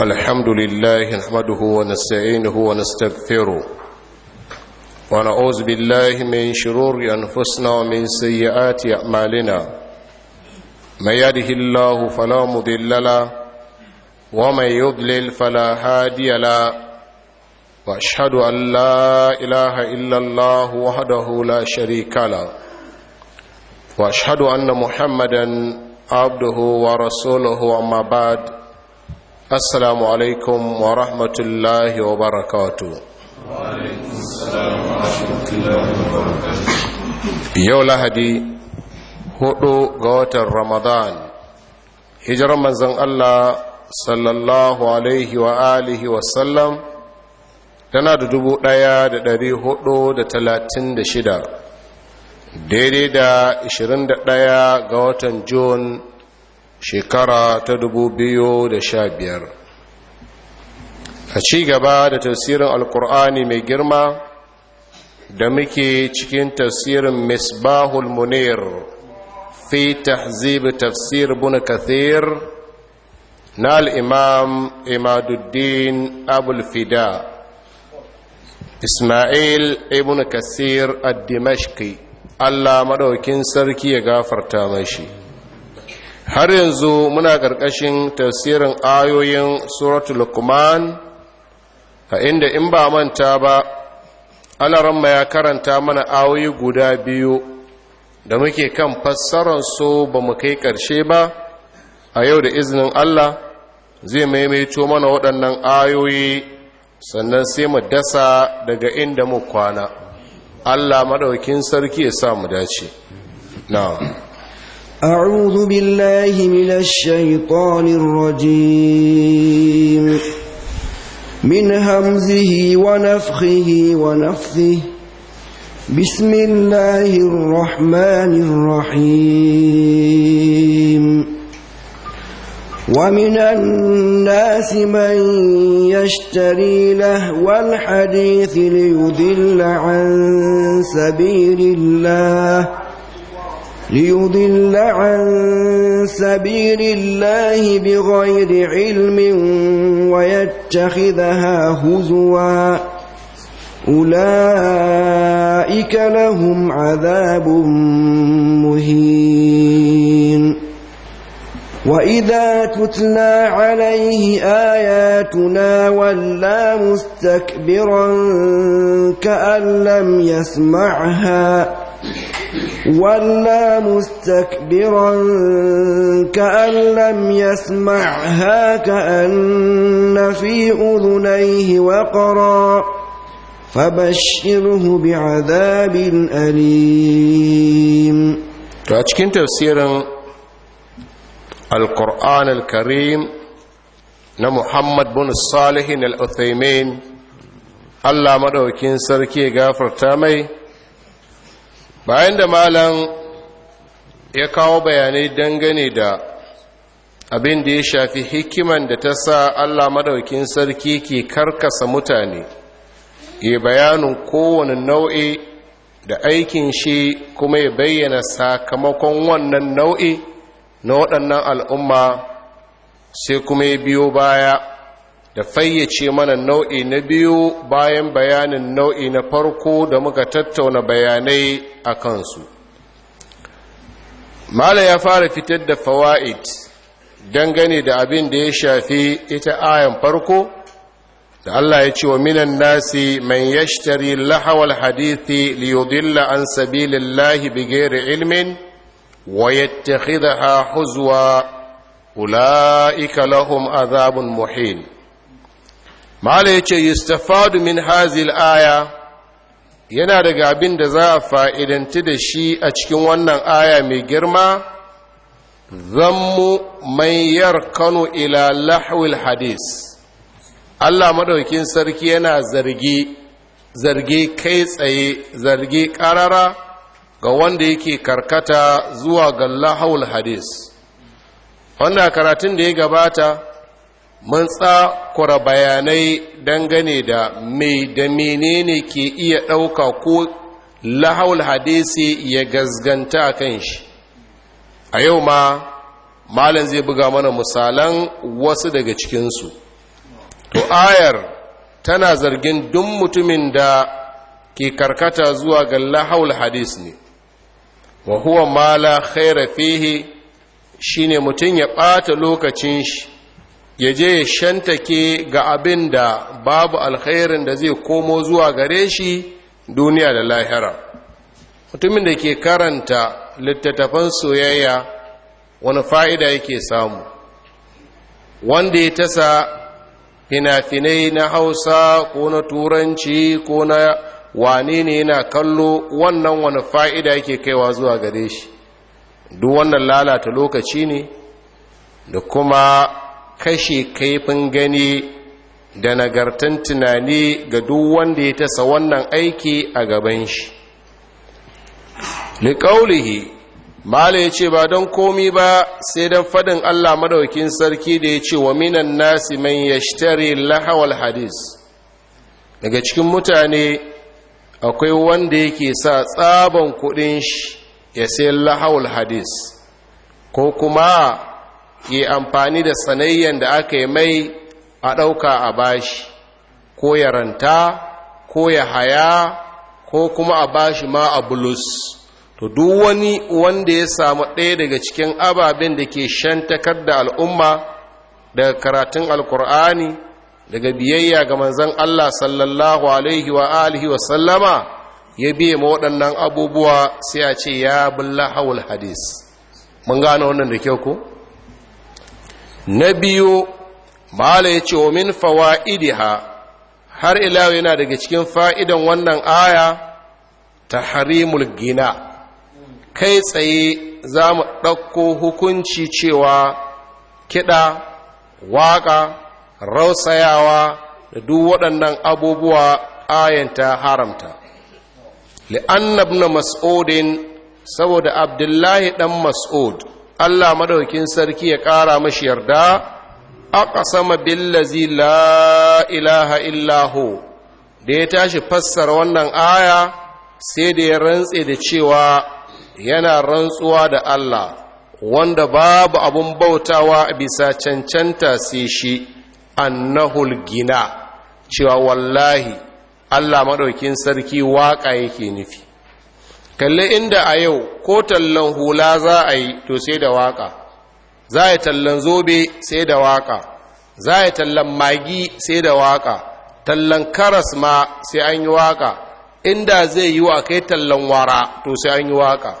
الحمد لله نحمده ونستعينه ونستغفره ونعوذ بالله من شرور أنفسنا ومن سيئات أعمالنا من يده الله فلا مضل له ومن يضلل فلا هادي له وأشهد أن لا إله إلا الله وحده لا شريك له وأشهد أن محمدا abduhu wa rasuluhu amma ba'd alaikum wa rahmatullahi wa barakatu yau lahadi hudu ga watan ramadan hijirar manzan allah sallallahu alaihi wa alihi wasallam tana da dubu ɗaya da dari hudu da talatin da shida daidai da 21 ga watan Jun shekara ta 2015 a ci gaba da tafsirin alkur'ani mai girma da muke cikin tafsirin misbahul munir fi tahzib tafsir bin kathir na al'imam imaduddin abulfida ismail ibn kasir ad-dimashqi Allah maɗaukin sarki ya gafarta mashi har yanzu muna ƙarƙashin tafsirin ayoyin suratul lukman a inda in ba manta ba alaramma ya karanta mana ayoyi guda biyu da muke kan fassararsu ba mu kai ƙarshe ba a yau da izinin Allah zai maimaito mana waɗannan ayoyi sannan sai mu dasa daga inda mu kwana Allah madaukin sarki ya sa mu dace na'am a'udhu billahi minash shaitanir rajim min hamzihi wa nafthihi wa nafthihi بسم الله الرحمن ومن الناس من يشتري لهو الحديث ليضل عن سبيل الله ليضل عن سبيل الله بغير علم ويتخذها هزوا أولئك لهم عذاب مهين وَإِذَا تُتْلَى عَلَيْهِ آيَاتُنَا وَلَّى مُسْتَكْبِرًا كَأَن لَّمْ يَسْمَعْهَا وَلَّى مُسْتَكْبِرًا كَأَن لَّمْ يَسْمَعْهَا كَأَنَّ فِي أُذُنَيْهِ وَقْرًا فَبَشِّرْهُ بِعَذَابٍ أَلِيمٍ القرآن الكريم محمد بن الصالح الأثيمين allah مدوكين sarki غافر mai? bayan da malam ya kawo bayanai dangane da abin da ya shafi hikiman da ta sa allah maɗaukin sarki ke karkasa mutane ya bayanin kowane nau'i da aikin shi kuma ya bayyana sakamakon wannan nau'i na waɗannan al'umma sai kuma ya biyo baya da fayyace mana nau'i na biyu bayan bayanin nau'i na farko da muka tattauna bayanai a kansu mala ya fara fitar da fawa'id dangane da abin da ya shafi ita ayan farko da Allah ya ce wa minan nasi man yashtari lahawal hadithi liyudilla an sabilillahi bigere ilmin ويتخذها حزوا أولئك لهم عذاب محين ما يستفاد من هذه الآية yana daga abin da za a fa'idanti da shi a cikin wannan aya mai girma zammu mai yarkanu ila lahwil hadis Allah maɗaukin sarki yana zarge zargi kai tsaye zargi ƙarara ga wanda yake karkata zuwa ga lahawul hadis wanda karatun da ya gabata mun tsakura bayanai dangane da mai da menene ke iya ɗauka ko lahawul hadisi ya gazganta kan shi a yau ma malam zai buga mana misalan wasu daga cikinsu to ayar tana zargin duk mutumin da ke karkata zuwa ga lahawul hadis ne wa huwa mala khaira fihi shine mutum ya ɓata lokacin shi ya je ya shantake ga abin da babu alkhairin da zai komo zuwa gare shi duniya da lahira mutumin da ke karanta littattafan soyayya wani fa'ida yake samu wanda ya tasa fina-finai na hausa ko na turanci ko na wane ne yana kallo wannan wani fa'ida yake kaiwa zuwa gare shi duk wannan lalata lokaci ne da kuma kashe kaifin gani da nagartan tunani ga duk wanda ya tasa wannan aiki a gaban shi liƙaulihi mala ya ce ba don komi ba sai don fadin allah madaukin sarki da ya ce wa minan nasi man yashtari lahawal hadis daga cikin mutane akwai wanda yake sa tsaban kudin shi ya sai lahawul hadis ko kuma yi amfani da sanayyan da aka yi mai a ɗauka a bashi ko ya ranta ko ya haya ko kuma a bashi ma a bulus to duk wani wanda ya samu ɗaya daga cikin ababen da ke shantakar da al'umma daga karatun alkur'ani daga biyayya ga manzon Allah sallallahu alaihi wa alihi wa sallama ya biye ma waɗannan abubuwa sai a ce ya bulla hawul hadis mun gano wannan da kyau ko na biyu mala ya ce wa min fawaidiha har ila yana daga cikin fa'idan wannan aya ta harimul gina kai tsaye za mu ɗauko hukunci cewa kiɗa waƙa rausayawa da duk waɗannan abubuwa ayanta haramta li'anna ibn mas'udin saboda abdullahi ɗan mas'ud Allah madaukin sarki ya ƙara mashi yarda aqsama billazi la ilaha illahu da ya tashi fassara wannan aya sai da ya rantse da cewa yana rantsuwa da Allah wanda babu abun bautawa bisa cancanta sai shi annahul gina cewa wallahi Allah maɗaukin sarki waƙa yake nufi kalli inda a yau ko tallan hula za a yi to sai da waka. za a yi tallan zobe sai da waƙa za a yi tallan magi sai da waƙa tallan karas ma sai an yi waƙa inda zai yi wa kai tallan wara to sai an yi waƙa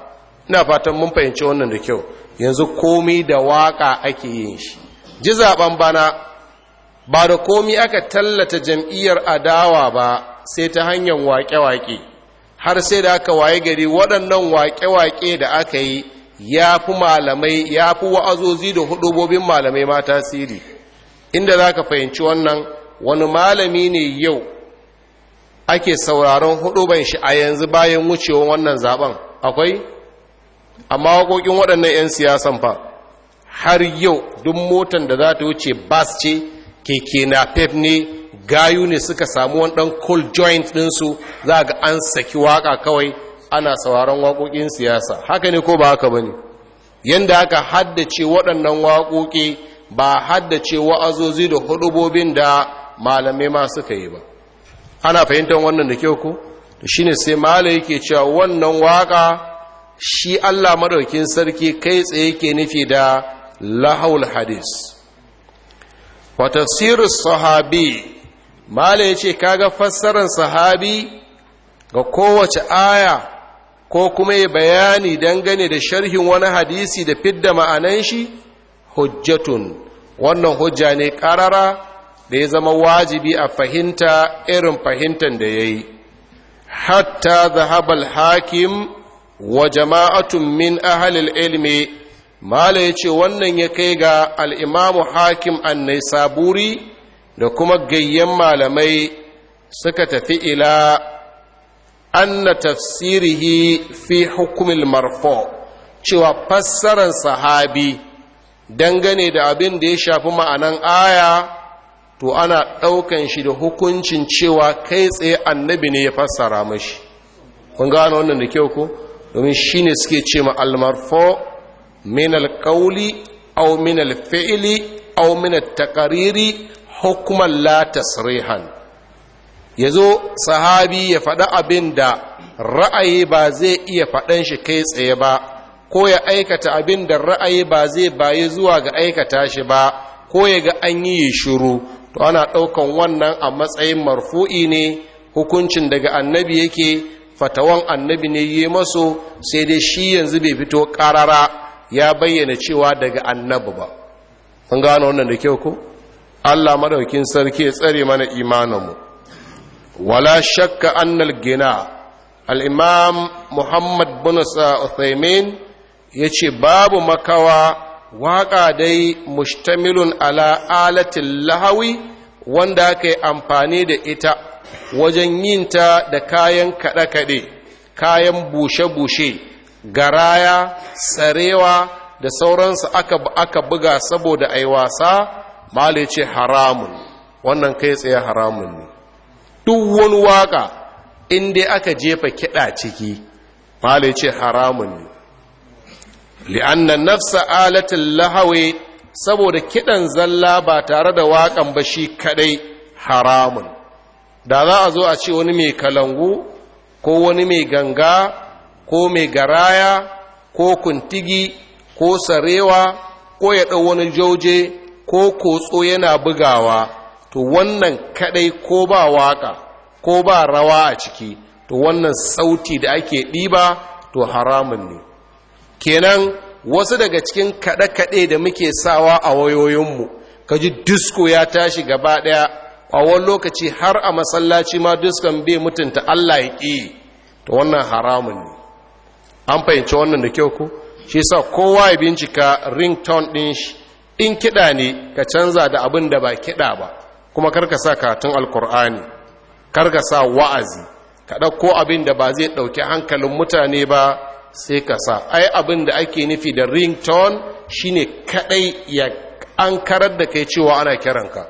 ina fatan mun fahimci wannan da kyau yanzu komai da waƙa ake yin shi ji zaɓen bana ba da komi aka tallata jam'iyyar adawa ba sai ta hanyar waƙe-waƙe har sai da aka waye gari waɗannan waƙe-waƙe da aka yi ya fi malamai ya fi wa'azozi da hudubobin malamai ma tasiri inda za ka fahimci wannan wani malami ne yau ake sauraron huduban shi a yanzu bayan wucewa wannan zaben akwai amma waƙoƙin waɗannan 'yan siyasan fa har yau duk motan da za ta wuce bas ce keke na pep ne gayu ne suka samu wani ɗan cold joint ɗinsu za ga an saki waka kawai ana sauraron waƙoƙin siyasa haka ne ko ba haka ba ne yadda aka haddace waɗannan waƙoƙi ba haddace wa'azozi da hudubobin da malamai ma suka yi ba ana fahimtar wannan da kyau ko shi ne sai malai yake cewa wannan waka shi allah maɗaukin sarki kai tsaye ke nufi da lahaul hadis wa tafsiru sahabi mala ya ce kaga fassarar sahabi ga kowace aya ko kuma ya bayani dangane da sharhin wani hadisi da fidda ma'anan shi hujjatun wannan hujja ne karara da ya zama wajibi a fahimta irin fahimtar da ya yi hatta zahabal hakim wa jama'atun min ahalil ilmi mala ya ce wannan ya kai ga al'imamu hakim annai saburi da kuma gayyen malamai suka tafi ila anna tafsirihi fi hukumin marfo cewa fassarar sahabi dangane da abin da ya shafi ma'anan aya to ana ɗaukan shi da hukuncin cewa kai tsaye annabi ne ya fassara mashi kun gano wannan da kyau ku. domin shi ne suke ce ma almarfo Minal alƙauli au min alfi'ili au min takariri hukuman la tasrihan ya zo sahabi ya faɗa abin da ra'ayi ba zai iya faɗan shi kai tsaye ba ko ya aikata abin da ra'ayi ba zai bayi zuwa ga aikata shi ba ko yaga ga an yi shiru to ana ɗaukan wannan a matsayin marfu'i ne hukuncin daga annabi yake fatawan annabi ne yi maso sai dai shi yanzu bai fito ƙarara ya bayyana cewa daga annabi ba kun gano wannan da kyau ko Allah madaukin sarki ya tsare mana mu. wala shakka annal gina al-imam Muhammad bin Sa'uthaymin yace babu makawa waka dai mustamilun ala alati lahawi wanda aka yi amfani da ita wajen yinta da kayan kada kade kayan bushe-bushe garaya tsarewa da sauransu aka aka buga saboda ai wasa malai ce haramun wannan kai tsaye haramun ne duk wani waka in aka jefa kiɗa ciki malai ce haramun ne li'anna nafsa alatin lahawe saboda kiɗan zalla ba tare da waƙan ba shi kaɗai haramun da za a zo a ce wani mai kalangu ko wani mai ganga ko mai garaya ko kuntigi ko sarewa ko ya ɗau wani jauje ko kotso yana bugawa to wannan kaɗai ko ba waka ko ba rawa a ciki to wannan sauti da ake ɗiba to haramun ne kenan wasu daga cikin kaɗe-kaɗe da muke sawa a wayoyinmu ka ji disko ya tashi gaba ɗaya a wani lokaci har a masallaci ma diskon bai mutunta allah ya ƙi to wannan haramun ne an fahimci wannan da kyau ku. shi sa kowa ya bincika ringtone din shi in kiɗa ne ka canza da abin da ba kiɗa ba kuma karka sa karatun alkur'ani karka sa wa'azi ka ɗauko abin da ba zai ɗauki hankalin mutane ba sai ka sa ai abin da ake nufi da ringtone shine kaɗai ya an karar da kai cewa ana kiran ka.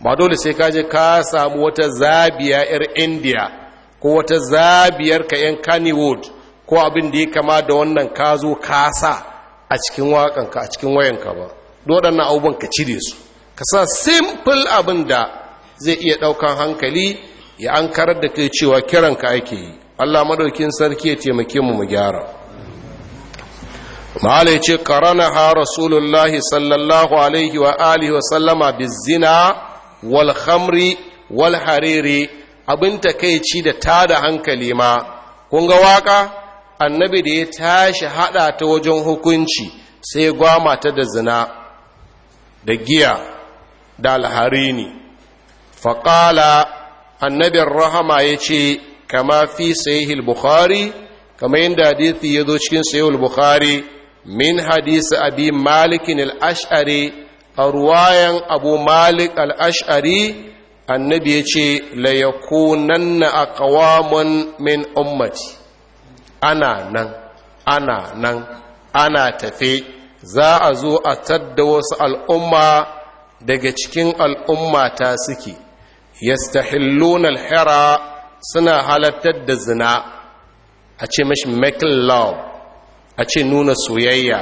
ba dole sai ka je ka samu wata zabiya 'yar indiya ko wata zabiyar ka 'yan kannywood ko abin da ya kama da wannan ka zo ka sa a cikin waƙanka a cikin wayanka ba waɗannan abubuwan ka cire su ka sa simple abin da zai iya ɗaukan hankali ya an karar da kai cewa kiran ka ake yi allah madaukin sarki ya taimake mu mu gyara ma'ala ya ce ha rasulullahi sallallahu alaihi wa alihi wa sallama bizina wal khamri wal hariri abin takaici da tada hankali ma kun ga waka annabi da ya tashi hada ta wajen hukunci sai gwama ta da zina da giya da alharini faƙala annabin rahama ya ce kama fi sahihil bukhari kama yadda hadithi ya zo cikin sahihil bukhari min hadisi abi malikin al a ruwayan abu malik al-ash'ari annabi ya ce layakunanna a kawamun min ummati ana nan ana nan ana tafe za a zo a tadda wasu al'umma daga cikin al'umma ta suke yastahillun alhera suna halattar da zina a ce mashi making Law. a ce nuna soyayya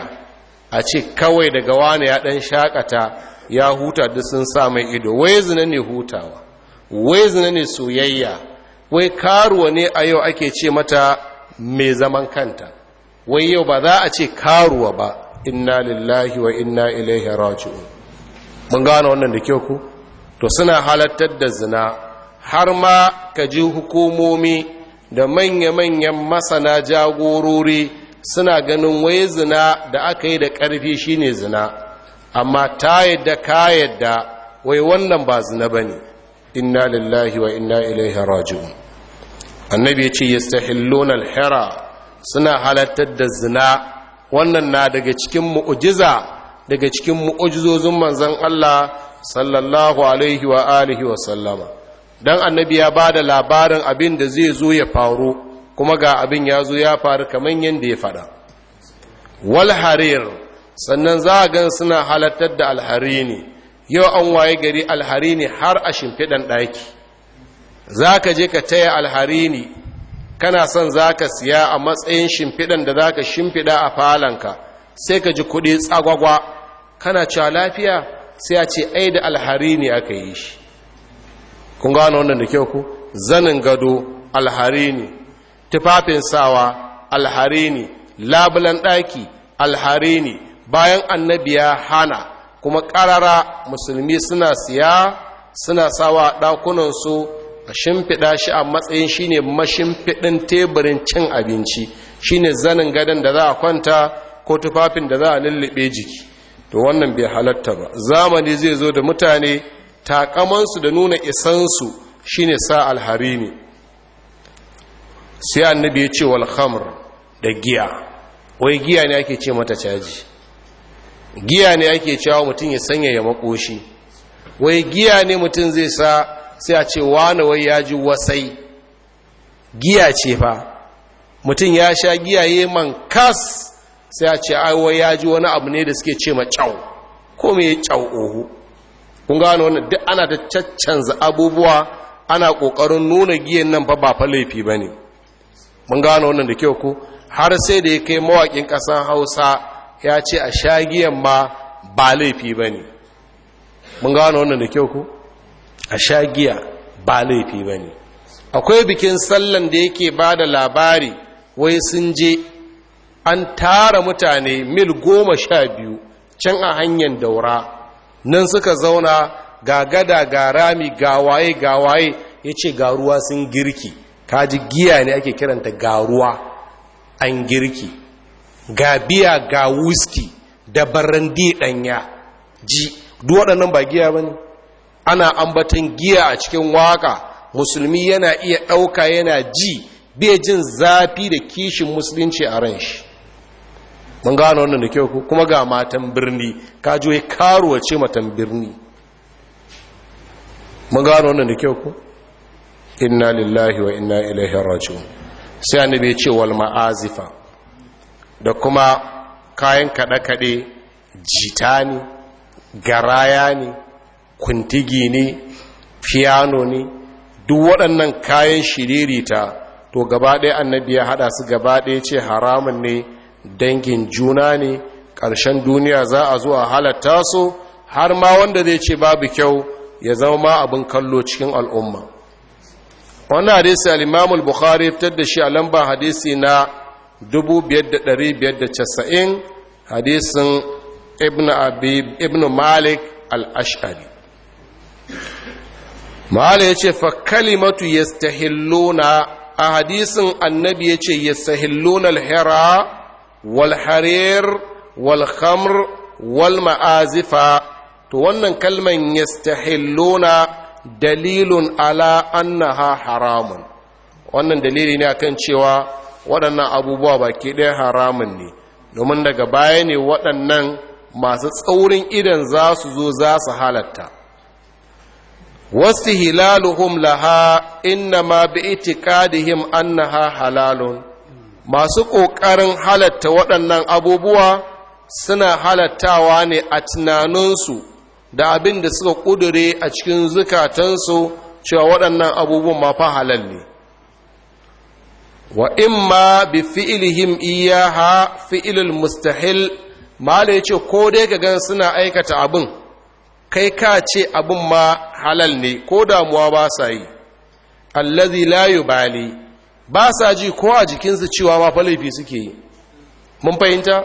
a ce kawai daga wani ya ɗan shakata ya huta da sun sa mai ido wai zina ne hutawa wai zina ne soyayya wai karuwa ne a yau ake ce mata mai zaman kanta wai yau ba za a ce karuwa ba inna lillahi wa inna ilaihi raji'un mun gano wannan da kyau ku to suna halattar da zina har ma ka ji hukumomi da manya-manyan masana jagorori suna ganin wai zina da aka yi da ƙarfi shine zina amma ta yadda ka yadda wai wannan ba zina ba ne inna lillahi wa inna ilaihi raji'un annabi ya ce yastahilluna al alhera suna halattar da zina wannan na daga cikin mu'ujiza daga cikin mu'ujizozin manzan Allah sallallahu alaihi wa alihi wa sallama dan annabi ya bada labarin abin da zai zo ya faru kuma ga abin ya zo ya faru kaman yanda ya fada wal sannan za a gan suna halattar da alhari ne yau an waye gari alhari ne har a shimfiɗan ɗaki za ka je ka taya alharini kana son za ka siya a matsayin shimfiɗan da za ka shimfiɗa a falanka sai ka ji kuɗi tsagwagwa kana cewa lafiya sai a ce ai da alharini aka yi shi kun gano wannan da kyau ku zanin gado alharini tufafin sawa alharini labulan ɗaki alharini bayan annabi ya hana kuma ƙarara musulmi suna siya suna sawa ɗakunansu a shimfiɗa shi a matsayin shi ne mashimfiɗin teburin cin abinci Shi ne zanin gadon da za a kwanta ko tufafin da za a lullube jiki to wannan bai halatta ba zamani zai zo da mutane takamansu da nuna isansu shi ne sa ne sai annabi ya ce wal da giya wai giya ne ake ce mata caji giya ne ake cewa mutum ya sanya ya makoshi wai giya ne mutum zai sa sai a ce wani wai ya ji wasai giya ce fa mutum ya sha giya yi man kas sai a ce ai wai ya ji wani abu ne da suke ce ma cau ko me cau oho kun wani wannan duk ana ta caccanza abubuwa ana kokarin nuna giyan nan fa ba fa laifi ne mun wani wannan da kyau ko har sai da ya kai mawaƙin ƙasan Hausa ya ce a sha giyan ma ba laifi ba ne mun wani wannan da kyau ko a sha giya ba laifi ba ne akwai bikin sallan da yake ba da labari wai sun je an tara mutane mil goma sha biyu can a hanyar daura nan suka zauna ga gada ga rami ga waye ga waye ya ce ga ruwa sun girki kaji giya ne ake kiranta ga ruwa an girki ga biya ga wuski da barandi ɗanya ji duk ba giya ba ne ana ambatan giya a cikin waka musulmi yana iya ɗauka yana ji bai jin zafi da kishin musulunci a ran shi mun gano wannan da kyau kuma ga matan birni ka ya karuwa ce matan birni mun gano wannan da kyau ku inna lillahi wa inna ilaihi raji'un sai annabi ya ce wal ma'azifa da kuma kayan kaɗe-kaɗe jita ne garaya ne kuntigi ne fiyano ne duk waɗannan kayan shiririta to gaba ɗaya annabi ya haɗa su gaba ce haramun ne dangin juna ne ƙarshen duniya za a zuwa a halatta su har ma wanda zai ce babu kyau ya zama ma abin kallo cikin al'umma wannan hadisi al'imamul bukhari fitar da shi a lamba hadisi na 5590 hadisin ibn malik Al-Ashari. ma'ala ya ce fa kalimatu yastahilluna a hadisin annabi ya ce ya alhira wal harir wal khamr to wannan kalman yastahilluna dalilun ala annaha haramun wannan dalili ne kan cewa waɗannan abubuwa baki ɗaya haramun ne domin daga baya ne waɗannan masu tsaurin idan za su zo za su halatta wasu hilaluhum laha inna ma bi itikadihim annaha halalun masu ƙoƙarin halatta waɗannan abubuwa suna halattawa ne a tunaninsu da abin da suka ƙudure a cikin zukatansu cewa waɗannan abubuwan ma fa halal ne wa ma bi fi'ilihim iyaha fi'ilul mustahil mala yace ko dai ka gan suna aikata abin kai ka ce abin ma halal ne ko damuwa ba sa yi allazi la yubali ba sa ji ko a jikinsu cewa ma falafi suke yi mun fahimta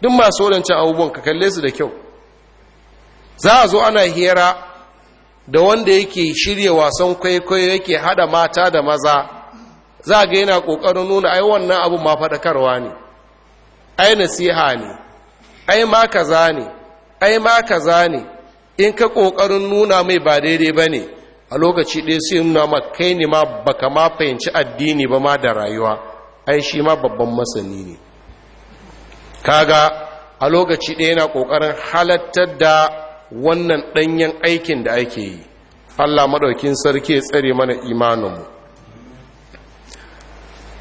duk masu wadancan abubuwan ka kalle su da kyau za a zo ana hira da wanda yake shirya wasan kwaikwayo yake hada mata da maza za ga yana kokarin nuna ai wannan abu ma faɗakarwa ne ai nasiha ne ai ma kaza ne ai ma kaza ne in ka ƙoƙarin nuna mai ba daidai ba ne a lokaci ɗaya sai nuna ma kai ne ma baka ma fahimci addini ba ma da rayuwa ai shi ma babban masani ne kaga a lokaci ɗaya yana ƙoƙarin halattar da wannan ɗanyen aikin da ake yi allah maɗaukin sarki ya tsare mana imaninmu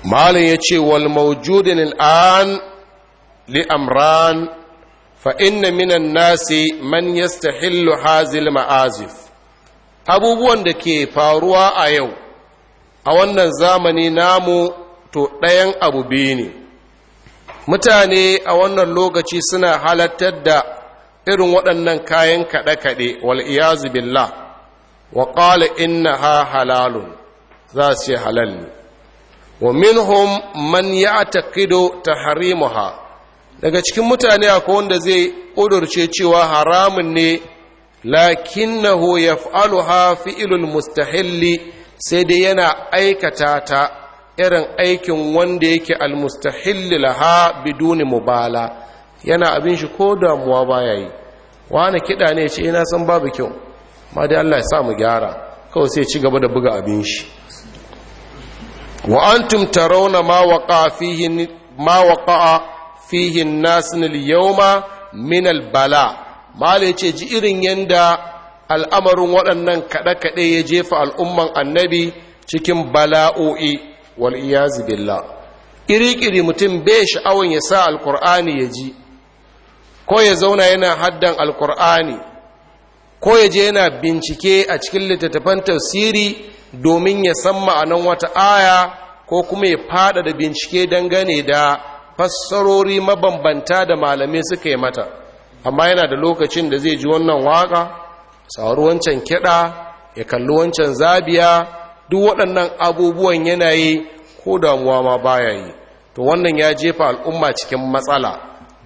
malin ya ce wal maujudin al'an li amran فإن من minan nasi يستحل yastahillu hazil ma'azif abubuwan da ke faruwa a yau a wannan zamani namu to ɗayan abu biyu ne mutane a wannan lokaci suna halattar da irin waɗannan kayan kaɗe-kaɗe wal'iyazu billah wa ƙala inna ha halalun za su yi halal ne wa minhum man ya taƙido ta harimu ha. daga cikin mutane akwai wanda zai ƙudurce cewa haramun ne lakinnahu yaf'aluha fi'ilul mustahilli sai dai yana aikata ta irin aikin wanda yake almustahilli laha biduni mubala yana abin shi ko damuwa baya yi wani kiɗa ne ce ina eh, san babu kyau ma dai Allah ya sa mu gyara kawai sai ci gaba da buga abin shi wa antum tarawna ma waqa'a fihi ma waqa'a fihi nasinil yauma min albala malai ce ji irin yadda al'amarin waɗannan kaɗe-kaɗe ya jefa al'umman annabi cikin bala'o'i wal iyazu billah iri mutum bai sha'awan ya sa alkur'ani ya ji ko ya zauna yana haddan alkur'ani ko ya je yana bincike a cikin littattafan tafsiri domin ya san ma'anan wata aya ko kuma ya fada da bincike dangane da fassarori mabambanta da malamai suka yi mata amma yana da lokacin da zai ji wannan waka sauri wancan kiɗa ya kalli wancan zabiya duk waɗannan abubuwan yana ko damuwa ma baya yi to wannan ya jefa al'umma cikin matsala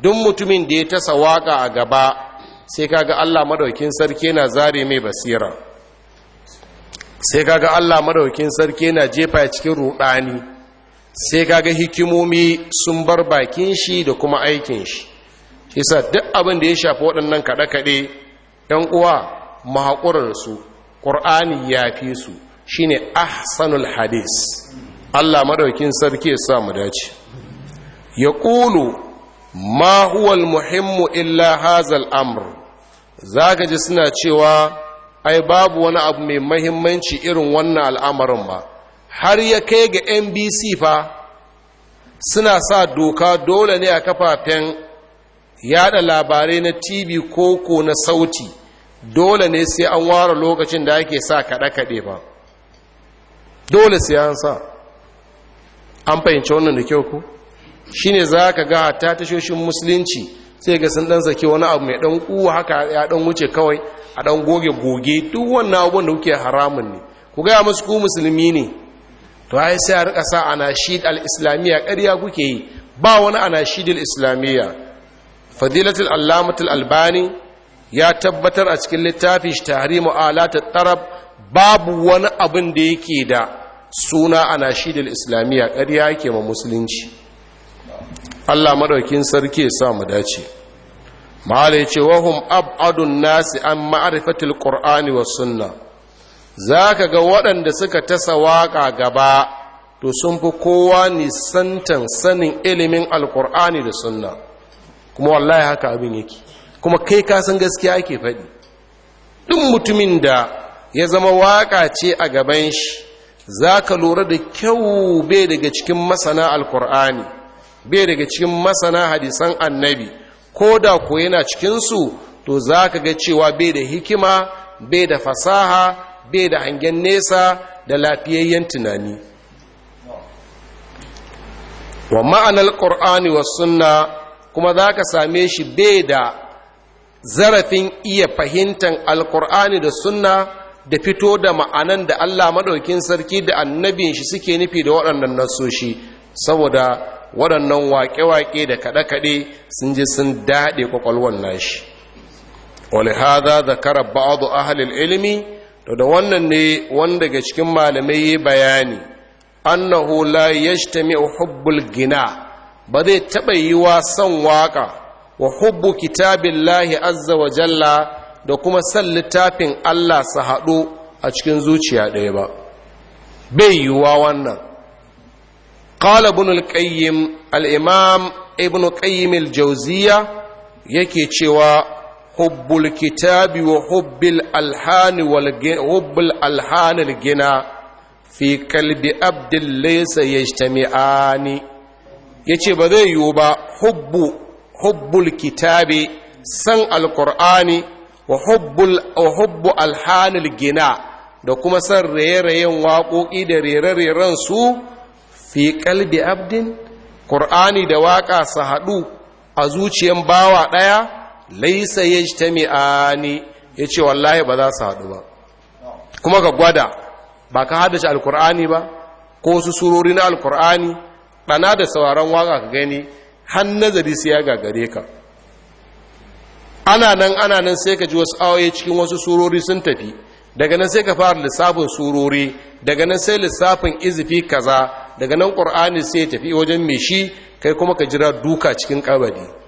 duk mutumin da ya tasa waka a gaba sai kaga Allah madaukin sarki yana zare mai basira sai kaga Allah madaukin sarki yana jefa cikin ruɗani. sai kaga hikimomi sun bar bakin shi da kuma aikin shi isa duk abin da ya shafi waɗannan kaɗe-kaɗe ‘yan uwa mahaƙurar su ƙur'ani ya fi su shine ahsanul hadis Allah maɗaukin sarki ya sa dace ya ƙulu ma muhimmu illa hazal amr za ka ji suna cewa ai babu wani abu mai mahimmanci irin wannan al'amarin ba har ya kai ga nbc fa suna sa doka dole ne a kafafen yada labarai na tv koko na sauti dole ne sai an ware lokacin da ake sa kaɗe-kaɗe ba dole sai an sa an fahimci wannan da kyau ku shi ne za ka ga ta tashoshin musulunci sai ga sun ɗan sake wani abu mai ɗan kuwa haka ya ɗan wuce kawai a ɗan goge goge duk wannan abubuwan da kuke haramun ne ku gaya musu ku musulmi ne to ai sai a rika sa anashid al-islamiyya ƙarya kuke yi ba wani anashid al-islamiyya fadilatul allamatul albani ya tabbatar a cikin littafi tahrimu alatat tarab babu wani abin da yake da suna anashid al-islamiyya ƙarya yake ma musulunci Allah madaukin sarki ya sa mu dace mahala yace wahum ab'adun nasi an ma'rifatil qur'ani was sunnah za ka ga waɗanda suka tasa waƙa gaba to sun fi kowa nisantan sanin ilimin alkur'ani da sunna kuma wallahi haka abin yake kuma kai kasan gaskiya ake faɗi ɗin mutumin da ya zama waƙa ce a gaban shi za ka lura da kyau bai daga cikin masana alkur'ani bai daga cikin masana hadisan annabi ko da ko yana cikinsu to za ka ga cewa bai da hikima bai da fasaha bai da hangen nesa da lafiyayyen tunani wa ma'anar ƙor'ani wa sunna kuma za ka same shi bai da zarafin iya fahimtar alƙur'ani da sunna da fito da ma'anan da allah maɗaukin sarki da annabin shi suke nufi da waɗannan nasoshi saboda waɗannan waƙe-waƙe da kaɗe-kaɗe sun je sun daɗe ƙwaƙwalwan nashi wani haza da ba'adu ahalil ilimi to da wannan ne wanda daga cikin malamai yi bayani annahu la yajtami hubbul gina ba zai taɓa yiwa son waƙa wa hubbu kitabillahi azza wa jalla da kuma san littafin Allah su haɗu a cikin zuciya ɗaya ba bai yiwa wannan qala ibn al-qayyim al-imam ibn qayyim al yake cewa hubbul kitabi wa hubbil alhani wal hubbul alhanil gina fi kalbi abdin laysa yajtami'ani yace ba zai yiwu ba hubbu hubbul kitabi san alqur'ani wa hubbul wa gina da kuma san raye-rayen waƙoƙi da rere-reren su fi kalbi abdin Kur'ani da waƙa su haɗu a zuciyan bawa ɗaya laisa ya ce wallahi ba za su haɗu ba kuma ka gwada ba ka shi alkur'ani ba ko su surori na alkur'ani ɗana da sauran waka ka gani har nazari sai ya gagare ka ana nan ana nan sai ka ji wasu awaye cikin wasu surori sun tafi daga nan sai ka fara lissafin surori daga nan sai lissafin izifi kaza daga nan ƙur'ani sai tafi wajen mai shi kai kuma ka jira duka cikin kabari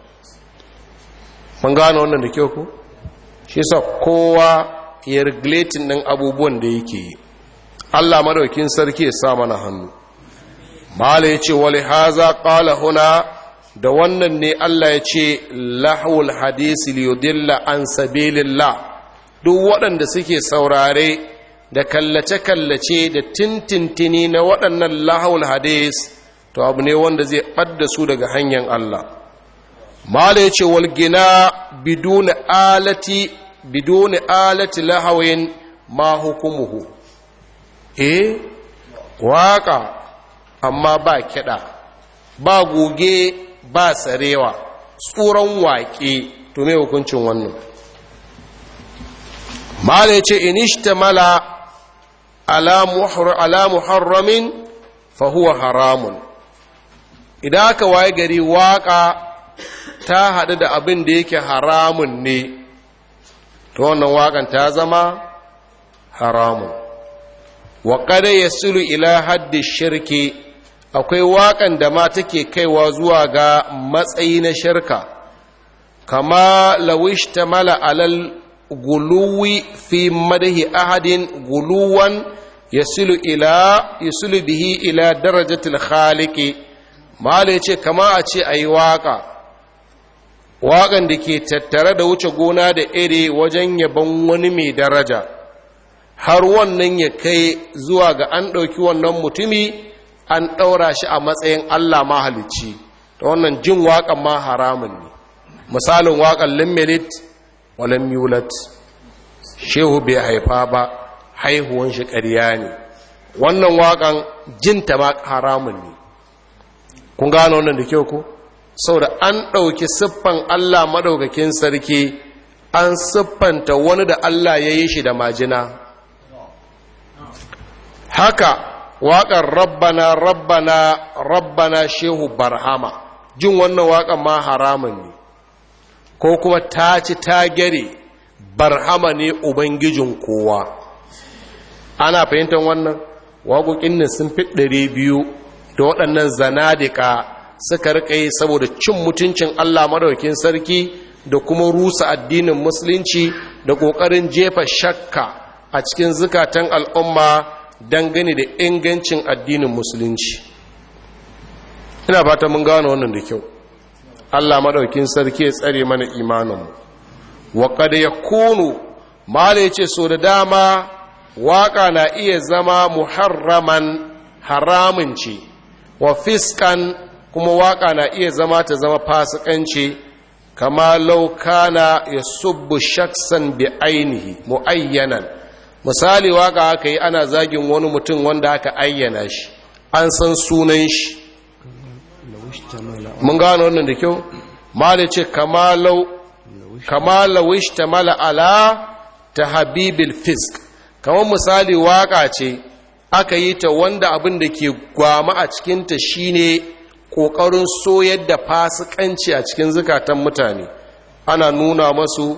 mun gane wannan da kyau ko shi sa kowa ya regulating din abubuwan da yake yi Allah madaukin sarki ya sa mana hannu mala yace wali haza qala huna da wannan ne Allah ya ce lahul hadisi liyudilla an sabilillah duk waɗanda suke saurare da kallace-kallace da tintintini na waɗannan lahul hadis to abu ne wanda zai ɓadda su daga hanyar Allah mala ya ce walgina biduni alati biduni alati lahawin ma hukumuhu eh waka amma ba kiɗa ba goge ba sarewa tsoron waƙe to me hukuncin wannan mala ya ce inishtamala ala muharramin fahuwa haramun idan aka waye gari waƙa ta haɗu da abin da yake haramun ne ta wannan waƙan ta zama haramun wa kada ya sulu ila haddi shirki akwai waƙan da ma take kaiwa zuwa ga matsayi na shirka kama lawish ta mala alal guluwi fi madahi ahadin guluwan sulu ila sulu bihi ila darajatul khaliki mala ce kama a ce a yi waka waƙan da ke tattare da wuce gona da iri wajen yaban wani mai daraja har wannan ya kai zuwa ga an ɗauki wannan mutumi an ɗaura shi a matsayin Allah mahalicci ta wannan jin waƙan ma haramun ne misalin waƙan limmelit walin mulet shehu bai haifa ba haihuwan shi ƙarya ne wannan waƙan jinta ma haramun ne kun gane wannan da kyau ko saboda an ɗauki siffan Allah maɗaukakin sarki an siffanta wani da Allah ya yi shi da majina haka waƙar rabbana rabbana rabbana shehu barhama jin wannan waƙar ma haramun ne ko kuma ta ci ta gare barhama ne ubangijin kowa ana fahimtar wannan waƙoƙin ne sun fi ɗari biyu da waɗannan zanadika suka rika yi saboda cin mutuncin Allah madaukin sarki da kuma rusa addinin musulunci da kokarin jefa shakka a cikin zukatan al'umma dangane da ingancin addinin musulunci ina fata mun gano wannan da kyau Allah madaukin sarki ya tsare mana imaninmu wa qad yakunu mala yace so da dama waka na iya zama muharraman haramun ce wa fiskan kuma waka na iya zama ta zama fasikanci kama laukana ya subbu shaksan bi ainihi mu'ayyanan misali waka aka yi ana zagin wani mutum wanda aka ayyana shi an san sunan shi mun gano wannan da kyau mali ce kama lawish ta mala ala ta habibin fisk kamar misali waka ce aka yi ta wanda abin da ke gwama a cikinta shine ƙoƙarin soyar da fasikanci a cikin zukatan mutane ana nuna masu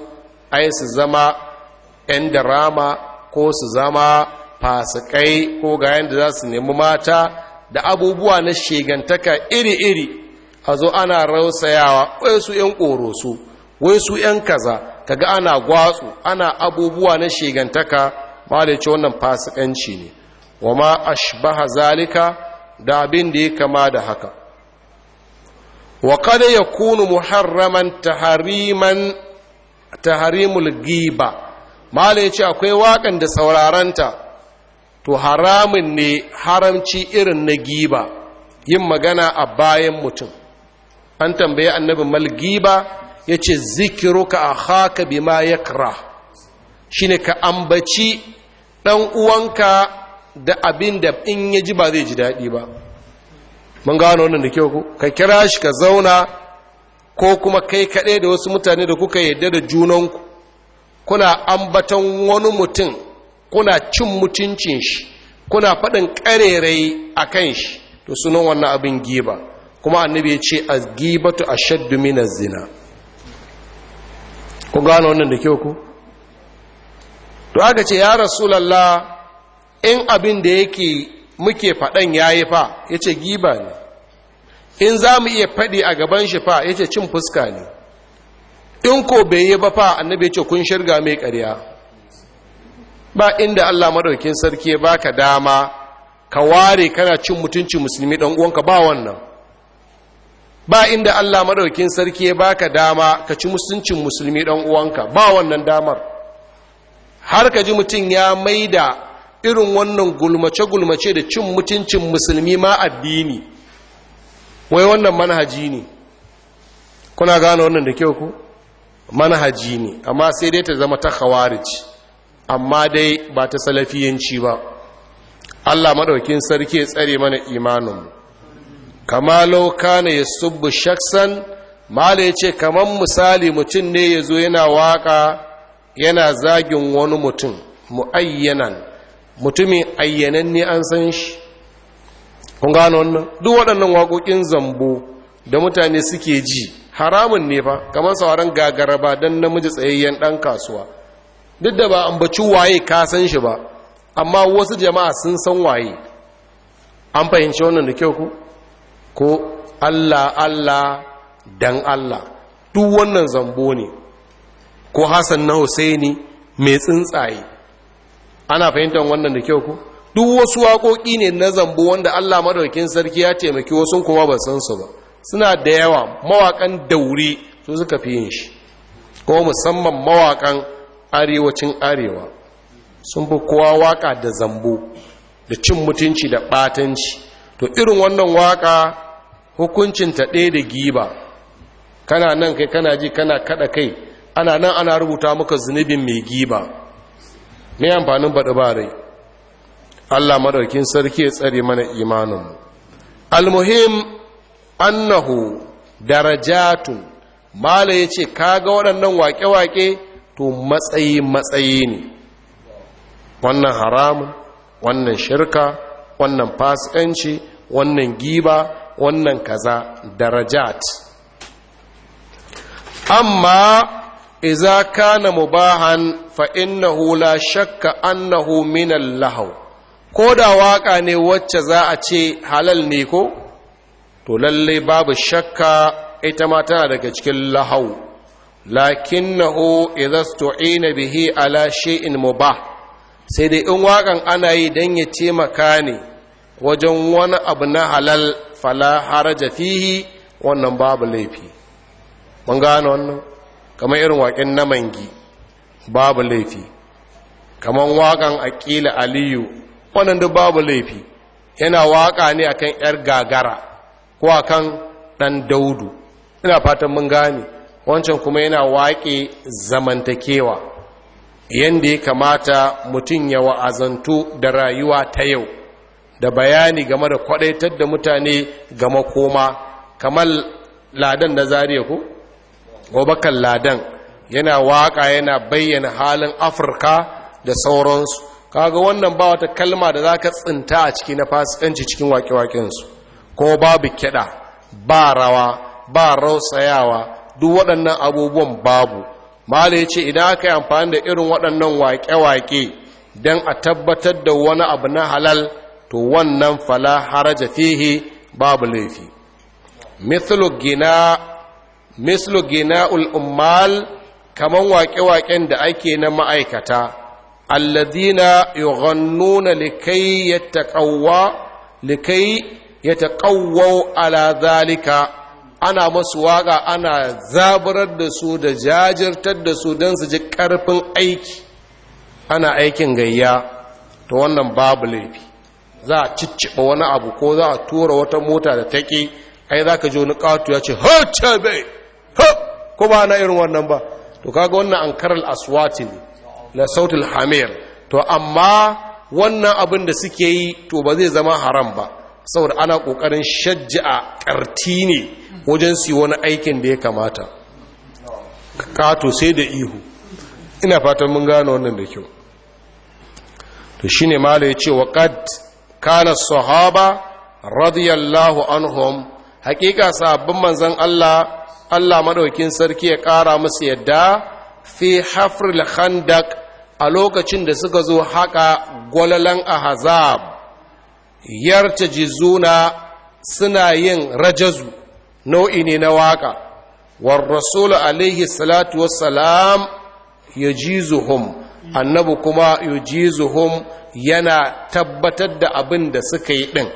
ai su zama 'yan darama ko su zama fasikai ko ga yadda za su nemi mata da abubuwa na shegantaka iri-iri a zo ana rausayawa wai su 'yan ƙoroso wai su 'yan kaza kaga ana gwatsu ana abubuwa na shegantaka ba da ce wannan fasikanci ne wa ma ashbaha zalika da abin da ya kama da haka wa kada ya kunu muharraman tahariman taharimul giba mala ya ce akwai waƙan da sauraranta to haramun ne haramci irin na giba yin magana a bayan mutum an tambayi annabi mal giba ya ce zikiruka a haka bima ya kira shi ka ambaci ɗan uwanka da abin da in ya ji ba zai ji daɗi ba mun gano wannan da kyau ku ka kira shi ka zauna ko kuma kai kaɗai da wasu mutane da kuka yadda da junanku kuna ambaton wani mutum kuna cin mutuncin shi kuna faɗin ƙarerai a kan shi to sunan wannan abin giba kuma annabi ya ce a gibatu a shaddu minar zina ku gano wannan da kyau ku to aka ce ya rasu rasulallah in abin da yake muke faɗan ya yi fa ya ce giba ne in za mu iya faɗi a gaban shi fa ya ce cin fuska ne in ko bai yi ba fa annabi ya ce kun shirga mai ƙarya ba inda Allah maɗaukin sarki ya baka dama ka ware kana cin mutunci musulmi dan uwanka ba wannan ba inda Allah maɗaukin sarki ya baka dama ka ci musuncin musulmi dan uwanka ba wannan damar har ka ji mutum ya maida irin wannan gulmace-gulmace da cin mutuncin musulmi ma addini wai wannan manhaji ne kuna gane wannan da kyau ku manhaji ne amma sai dai ta zama ta khawarij amma dai ba ta salafiyanci ba Allah maɗaukin sarki ya tsare mana imaninmu Kamalau lauka ne ya shaksan mala yace kaman misali mutum ne yazo yana waka yana zagin wani mutum mu'ayyanan mutumin ayyananne an san shi kun gano wannan duk waɗannan waƙoƙin zambo da mutane suke ji haramun ne fa kamar sauran gagaraba don namiji tsayayyen ɗan kasuwa duk da ba ambaci waye ka san shi ba amma wasu jama'a sun san waye an fahimci wannan da kyau ku ko allah allah dan allah duk wannan zambo ne ko hassan na husaini mai tsuntsaye ana fahimtar wannan da kyau ku duk wasu waƙoƙi ne na zambu wanda Allah madaukakin sarki ya taimaki wasu kuma ba san su ba suna da yawa mawakan daure su suka fi yin shi ko musamman mawakan arewacin arewa sun fi kowa waka da zambu da cin mutunci da ɓatanci to irin wannan waka hukuncin ta ɗaya da giba kana nan kai kana ji kana kaɗa kai ana nan ana rubuta maka zunubin mai giba mai amfanin baɗi ba rai allah maɗaukin sarki ya tsare mana imaninmu almuhim annahu darajatun mala ya ce ga waɗannan waƙe-waƙe to matsayi-matsayi ne wannan haramun wannan shirka wannan fasikanci wannan giba wannan kaza darajat amma iza kana mubahan fa innahu la shakka annahu min lahau ko da waka ne wacce za a ce halal ne ko to lalle babu shakka ita ma tana daga cikin lahau lakinnahu idza stu'ina bihi ala mu ba. sai dai in wakan ana yi dan ya taimaka ne wajen wani abu na halal fala haraja fihi wannan babu laifi mun gane wannan kamar irin waƙin na mangi babu laifi kamar waƙan aƙila aliyu wannan duk babu laifi yana waƙa ne akan 'yar gagara ko akan ɗan daudu ina fatan mun gane wancan kuma yana waƙe zamantakewa yanda ya kamata mutum ya wa'azantu da rayuwa ta yau da bayani game da kwadaitar da mutane game koma kamar ladan na zariya ko? gobakan ladan yana waka yana bayyana halin afirka da sauransu kaga wannan ba wata kalma da za ka tsinta a ciki na fasikanci cikin wake-wakensu ko babu kiɗa ba rawa ba rausayawa duk waɗannan abubuwan babu mala ya ce idan aka yi amfani da irin waɗannan waƙe-waƙe don a tabbatar da wani abu na halal to wannan fala haraja fihi babu laifi mislu gina ul'ummal Kaman waƙe-waƙen da ake na ma'aikata alladina yughannuna likai yattaqawwa likai ala zalika ana masu waƙa ana zaburar da su da jajirtar da su don su ji ƙarfin aiki ana aikin gayya to wannan babu laifi za a cicciɓa wani abu ko za a tura wata mota da take ai za ka ji wani ƙato ya ce ha ce bai ha ko ba na irin wannan ba to kaga wannan ankarar aswatin la na sautul hamir to amma wannan abin da suke yi to ba zai zama haram ba saboda ana kokarin shajja'a karti ne wajen su wani aikin da ya kamata kato sai da ihu ina fatan mun gano wannan da kyau to shine ya ya wa qad kana sahaba radiyallahu anhum haƙiƙa sabbin manzon Allah Allah maɗaukin sarki ya ƙara musu yadda fi hafril khandak a lokacin da suka zo haƙa gwalalan ahazab yarta jizuna suna yin rajazu nau'i ne na waƙa war rasul alaihi salatu wassalam ya jizuhum annabi kuma ya jizuhum yana tabbatar da abin da suka yi ɗin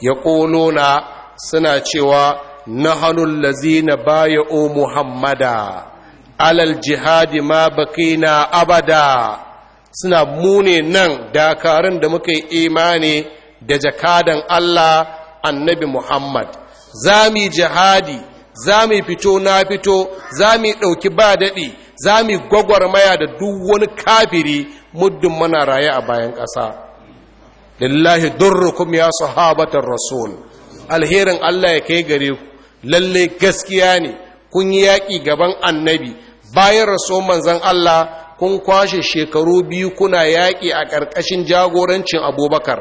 ya ƙolona suna cewa hannun lazina baya o muhammada alal jihadi ma na abada suna muni nan dakarun da muka yi imani da jakadan Allah annabi muhammad za mu jihadi za mu fito na fito za mu ɗauki ba daɗi za mu maya da duk wani kafiri muddin mana raye a bayan ƙasa lillahi durrukum ya sahabatar rasul alherin Allah ya kai gare ku lalle gaskiya ne kun yi yaƙi gaban annabi bayan rasuwan manzan Allah kun kwashe shekaru biyu kuna yaƙi a ƙarƙashin jagorancin abubakar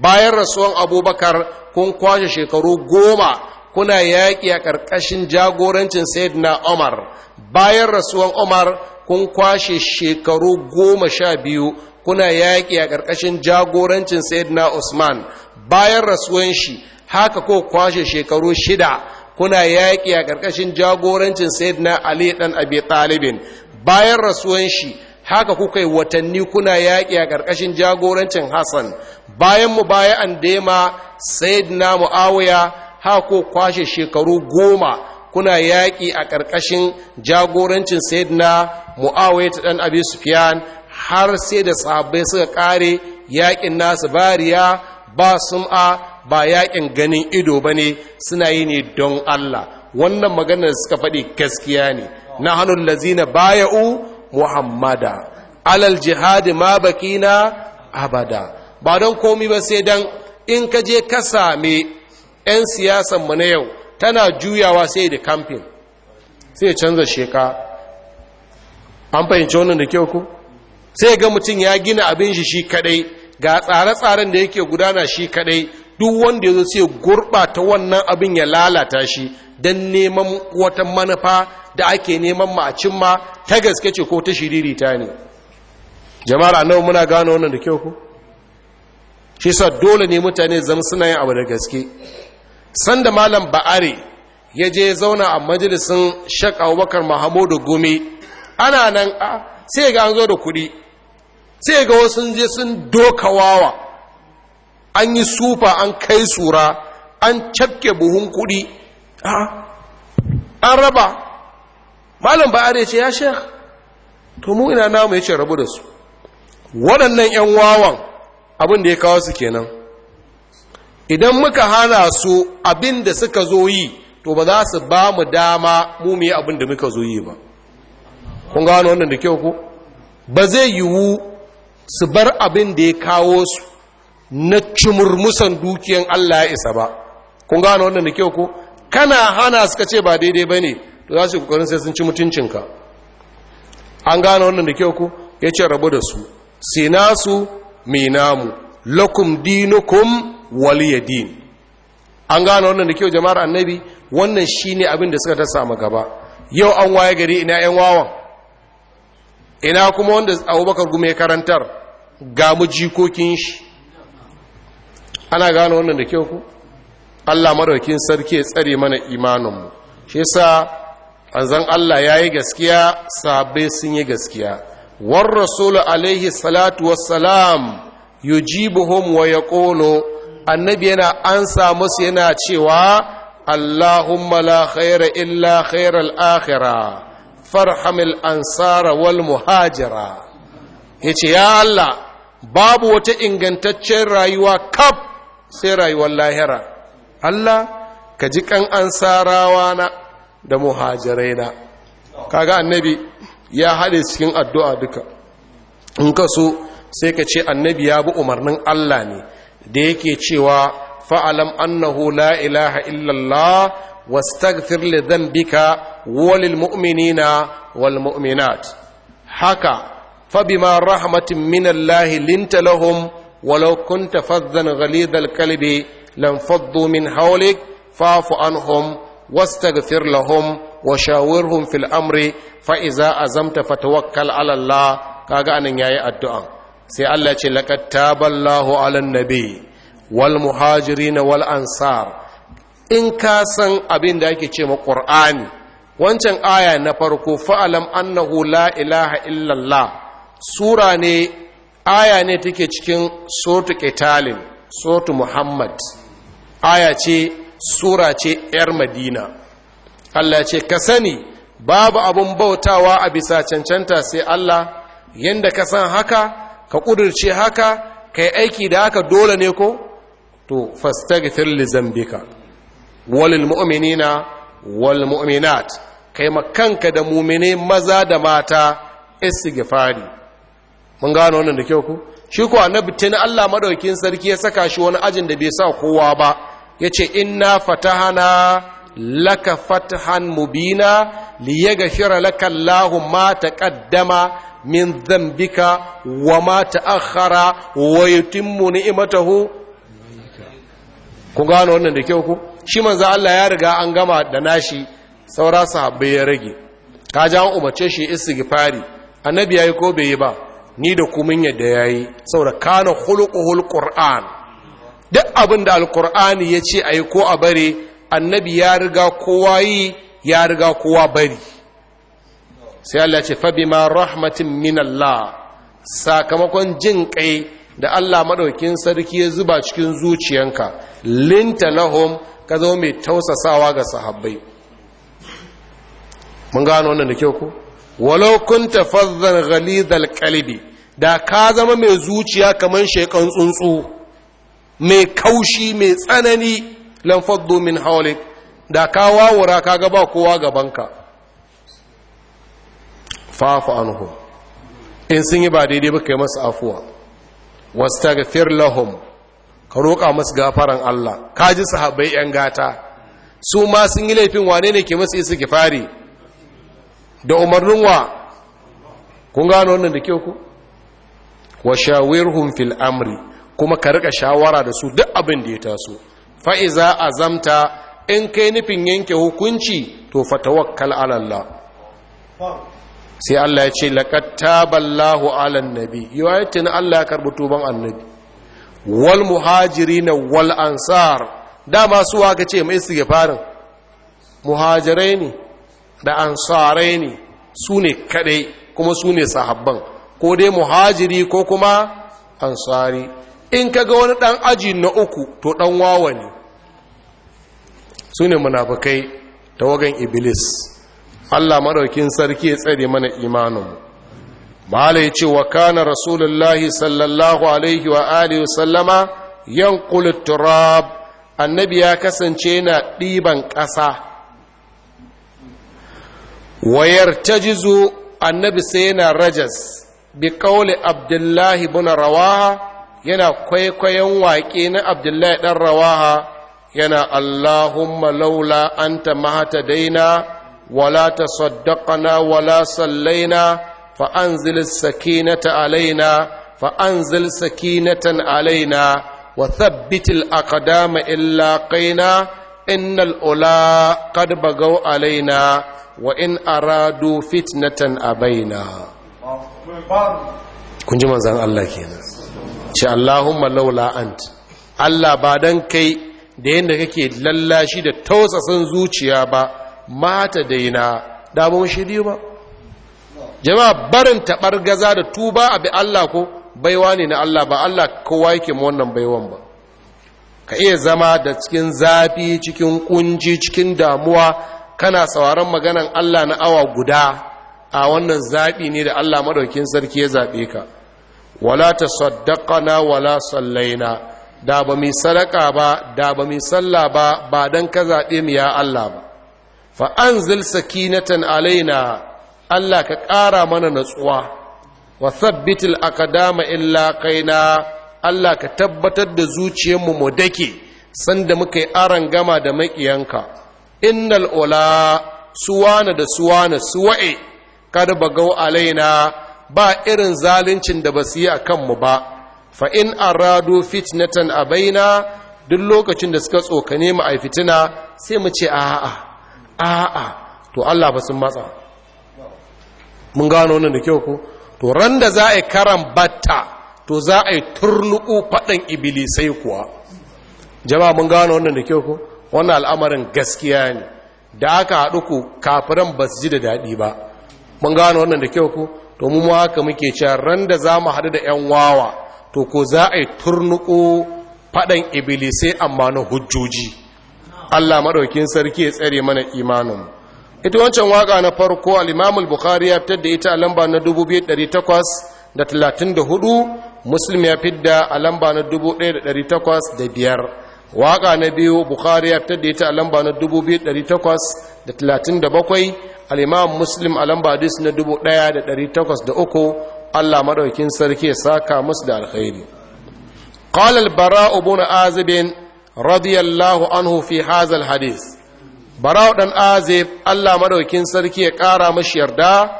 bayan rasuwan abubakar kun kwashe shekaru goma kuna yaƙi a ƙarƙashin jagorancin sayyidina omar bayan rasuwan omar kun kwashe shekaru goma sha biyu kuna yaƙi a ƙarƙashin jagorancin na usman bayan rasuwan shi haka ko kwashe shekaru shida kuna yaƙi a ƙarƙashin jagorancin sayyidina ali ɗan abi talibin bayan rasuwan shi haka kuka yi watanni kuna yaƙi a ƙarƙashin jagorancin hassan bayan mu bayan dema sayyidina muawiya hako kwashe shekaru goma kuna yaƙi a ƙarƙashin jagorancin sayyidina muawiya ta ɗan abi sufiyan har sai da sahabbai suka ƙare yaƙin nasu bariya ba sum'a ba yakin ganin ido ba ne suna yi ne don Allah wannan maganar suka faɗi gaskiya ne na hannun lazina baya'u muhammada alal jihadi ma bakina abada ba don komi ba sai dan in ka je ka same 'yan mu na yau tana juyawa sai da kamfin sai canza sheka an fahimci wannan da kyau ku sai ga mutum ya gina abin shi shi kadai ga tsare-tsaren da yake gudana shi kadai duk wanda ya zo sai gurɓata wannan abin ya lalata shi don neman wata manufa da ake neman ma a cimma ta gaske ce ko ta ta ne jama'ar annabi muna gano wannan da kyau ku shi sa dole ne mutane zama suna yin abu da gaske sanda malam ba'are ya je zauna a majalisin shak wakar mahamudu gumi ana nan a sai ga an zo da kuɗi sai ga wasu sun je sun doka wawa an yi sufa an kai sura an cafke buhun kuɗi an raba malam ba ce ya shek to mu ina namu ya ce rabu da su waɗannan 'yan wawan abin da ya kawo su kenan idan muka hana su abin da suka zo yi to ba za su ba mu dama mu mu abin da muka zo yi ba kun gano wannan da kyau ko ba zai yiwu su bar abin da ya kawo su na cimurmusan dukiyan Allah ya isa ba kun gano wannan da kyau ko kana hana suka ce ba daidai ba ne to za su yi kukurin sai sun ci mutuncinka an gano wannan da kyau ko ya ce rabu da su sai nasu mai namu lakum dinukum din. an gano wannan da kyau jama'ar annabi wannan ne abin da suka ta samu gaba yau an waye gari ina yan wawan ina kuma wanda abubakar gume karantar ga mu jikokin shi ana gano wannan da kyau ku Allah madaukin sarki ya tsare mana imaninmu shi yasa anzan Allah yayi gaskiya sabai sun yi gaskiya war rasul alaihi salatu wassalam yujibuhum wa yaqulu annabi yana ansa musu yana cewa Allahumma la khaira illa khairal akhirah farhamil ansara wal muhajira yace ya Allah babu wata ingantaccen rayuwa kaf sai rayuwar lahira Allah ka ji kan ansarawa na da muhajirai na kaga annabi ya haɗe cikin addu'a duka in ka so sai ka ce annabi ya bi umarnin Allah ne da yake cewa fa'alam annahu la ilaha illallah واستغفر لذنبك wal والمؤمنات Haka فبما ma rahmatin minallahi لنت lahum walau kunta fazzan ghalidal kalbi lam faddu min hawlik fa'fu anhum wastaghfir lahum wa shawirhum fil amri fa iza azamta fatawakkal ala Allah kaga anan yayi addu'a sai Allah ce laqad taballahu ala nabi wal muhajirin wal ansar in ka san abin da ake ce ma ƙur'ani, wancan aya na farko fa'alam annahu la ilaha illallah sura ne aya ne take cikin sotu ƙetalin sotu muhammad aya ce sura ce 'yar madina allah ce ka sani babu abun bautawa a bisa cancanta sai allah yadda ka san haka ka ƙudurce haka ka aiki da haka dole ne ko to fastagfir li zambika walil mu'minina wal mu'minat kai makanka da mumine maza da mata istighfari mun gano wannan da kyau ku shi ko annabi tana Allah madaukin sarki ya saka shi wani ajin da bai sa kowa ba yace inna fatahana laka fathan mubina liyaghfira laka Allahu ma taqaddama min dhanbika wa ma ta'akhkhara wa yutimmu ni'matahu ku gano wannan da kyau ku shi manzo Allah ya riga an gama da nashi saura sahabbai ya rage ka ja an umarce shi istighfari annabi yayi ko bai yi ba ni da kuma mun yadda yayi saboda kana hulƙuhul qur'an duk abin da alqur'ani ya ce a yi ko a bari, annabi ya riga kowa yi ya riga kowa bari sai Allah ce ma rahmatin min Allah sakamakon jin kai da Allah maɗaukin sarki ya zuba cikin zuciyanka linta lahum ka zama mai tausasawa ga sahabbai mun gano wannan da kyau ko walau kunta fazzan ghalidhal da ka zama mai zuciya kaman shekan tsuntsu mai kaushi mai tsanani lan faddo min hawlik da ka wawura kaga ba kowa gabanka fafa anhu in sun yi ba daidai ba kai masu afuwa wastaghfir lahum ka roƙa masu gafaran Allah ka ji sahabbai yan gata su ma sun yi laifin wane ne ke masu isa fari? da umarnin wa kun gano wannan da kyau ku wa shawirhum fil amri kuma ka rika shawara da su duk abin da ya taso fa iza azamta in kai nufin yanke hukunci to fatawakkal ala Allah sai Allah ya ce laqad taballahu ala annabi yawaitin Allah ya karbu tuban annabi wal muhajirin wal ansar dama su waka ce mai farin. muhajirai ne da ansarai ne su ne kadai kuma su ne sahabban ko dai muhajiri ko kuma ansari in ka ga wani dan aji na uku to dan wawa ne su ne munafukai ta wagan iblis allah maraukin sarki ya tsare mana imaninmu mahala ya ce wa kana rasulullahi sallallahu alaihi wa alihi sallama yan turab annabi ya kasance yana ɗiban ƙasa wayar ta jizo annabi sai yana rajas bi kauli abdullahi buna rawaha yana kwaikwayon waƙe na abdullahi ɗan rawaha yana allahumma laula anta mahata daina wala ta saddaqana wala sallaina fa anzil sakinata alaina fa anzil sakinatan alaina wa thabbitil aqdama illa qaina innal ula qad bagaw alaina wa in aradu fitnatan abaina kun ji manzan Allah kenan ce Allahumma laula ant Allah ba dan kai da yadda kake lallashi da tausasan zuciya ba mata daina da ba mu ba jama'a barin taɓar gaza da tuba abi Allah ko baiwa ne na Allah ba Allah kowa yake mu wannan baiwan ba ka iya zama da cikin zafi cikin kunji cikin damuwa kana sauraron maganan Allah na awa guda a wannan zaɓi ne da Allah madaukin sarki ya zaɓe ka wala tasaddaqana wala sallaina da ba mai sadaka ba da ba mai sallah ba ba dan ka zaɓe mu ya Allah ba fa anzil sakinatan alaina Allah ka ƙara mana natsuwa wa thabbitil aqdama illa kaina Allah ka tabbatar da zuciyarmu mu dake sanda muka yi aron gama da maƙiyanka innal ula suwana da suwana suwa'e kada ba gau alaina ba irin zalincin da ba su yi a kanmu ba fa in rado fitnatan a baina duk lokacin da suka tsokane mu a fitina sai mu ce a'a a'a to Allah ba sun matsa mun gano wannan da kyau ko to ran da za a karan batta to za a yi turnuku faɗan ibilisai kuwa Jama mun gano wannan da kyau ku wannan al'amarin gaskiya ne da aka haɗu ku kafiran ba su ji da daɗi ba mun gano wannan da kyau ku to mu ma haka muke cewa ran da za mu haɗu da 'yan wawa to ko za a yi turnuku faɗan ibilisai amma na hujjoji Allah maɗaukin sarki ya tsare mana imanin ita wancan waka na farko al-Imam al-Bukhari ya fitar da ita a lamba na hudu. muslim ya fidda a lamba na 1805 waka na biyu bukhari ya fitar da ita a lamba na 2837 al muslim a lamba dis na 1803 Allah maɗaukin sarki ya saka musu da alkhairi ƙalal bara ibn Azibin radiyallahu anhu fi hazal hadis ɗan bara azib Allah maɗaukin sarki ya ƙara mashi yarda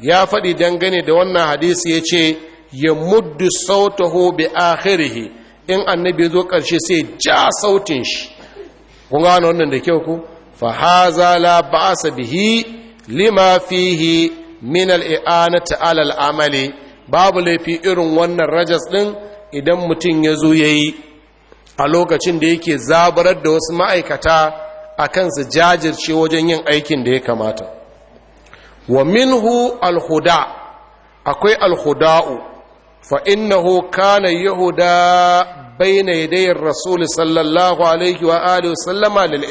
ya faɗi dangane da wannan hadisi ce. ya muddu sautahu bi akhirihi in annabi zo karshe sai ja sautin shi kun gano wannan da kyau ku fa haza la ba'sa bihi lima fihi min al-i'anati ala al-amali babu laifi irin wannan rajas din idan mutum ya zo yayi a lokacin da yake zabarar da wasu ma'aikata kan su jajirce wajen yin aikin da ya kamata wa minhu al-huda akwai al-huda'u fa innahu kana yahuda bayna yadayin rasul sallallahu alaihi wa alihi sallama lil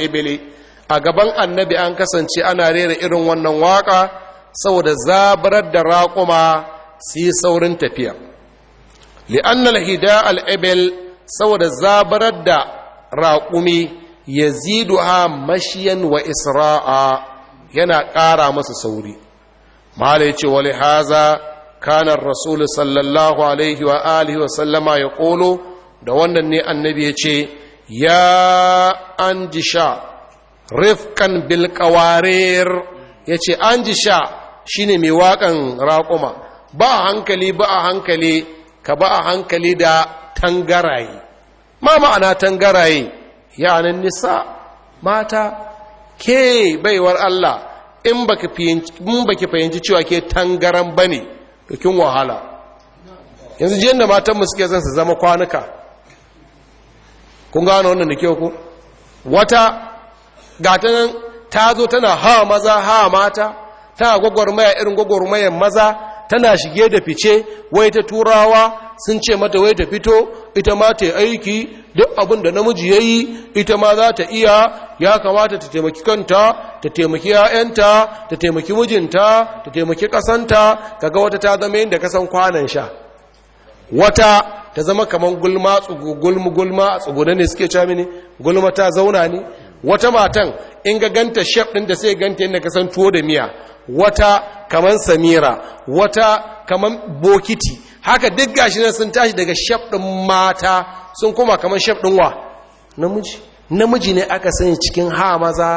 a gaban annabi an kasance ana rera irin wannan waƙa, saboda zabarar da raƙuma su yi saurin tafiya li'annal hida al-ibil saboda zabarar da raƙumi yaziduha mashiyan wa isra'a yana ƙara masa sauri mala yace wali haza Kanan rasulu sallallahu alaihi wa alihi wa sallama ya ƙolo da wannan ne annabi ya ce ya anji sha. rifkan bilkawarir ya ce an jisha shi ne mai waƙan raƙuma ba a hankali ba hankali ka ba a hankali da tangaraye ma ma'ana tangaraye yanan nisa mata ke baiwar Allah in baki fahimci cewa ke tangaran bane Bikin wahala yanzu jiyan da matanmu suke zan su zama kwanuka kun gane wannan da kyau ku wata gatanan ta zo tana ha maza ha mata tana gwagwarmaya irin gwagwarmayan maza tana shige da fice wai ta turawa sun ce mata wai ta fito ita ma ta aiki duk abin da namiji ya yi ita ma za ta iya ya kamata ta taimaki kanta ta taimaki 'ya'yanta ta taimaki mijinta ta taimaki ƙasanta kaga wata ta zama yin da kasan kwanan sha wata ta zama kamar gulma gulma gulma a tsugune ne suke cami ne, gulma ta zauna ne wata matan in ga ganta shef ɗin da sai ganta yadda kasan tuwo da miya wata kamar samira wata kamar bokiti haka duk gashi nan sun tashi daga shafɗin mata sun koma kamar shafɗin wa namiji namiji ne aka sani cikin ha maza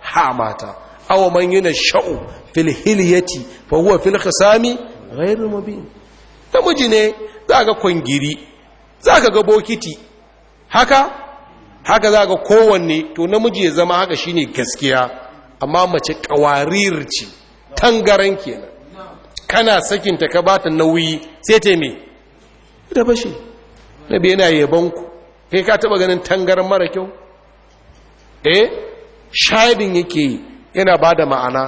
ha mata awa man yana sha'u fil hilyati fa huwa fil khisami ghairu mubin namiji ne za ga kwangiri za ka ga bokiti haka haka za ga kowanne to namiji ya zama haka shine gaskiya amma mace kawarir ce tangaran kenan kana sakinta ka bata nauyi sai ta me da bashi na biya na yabonku kai ka taba ganin tangar mara kyau eh shaidin yake yana ba da ma'ana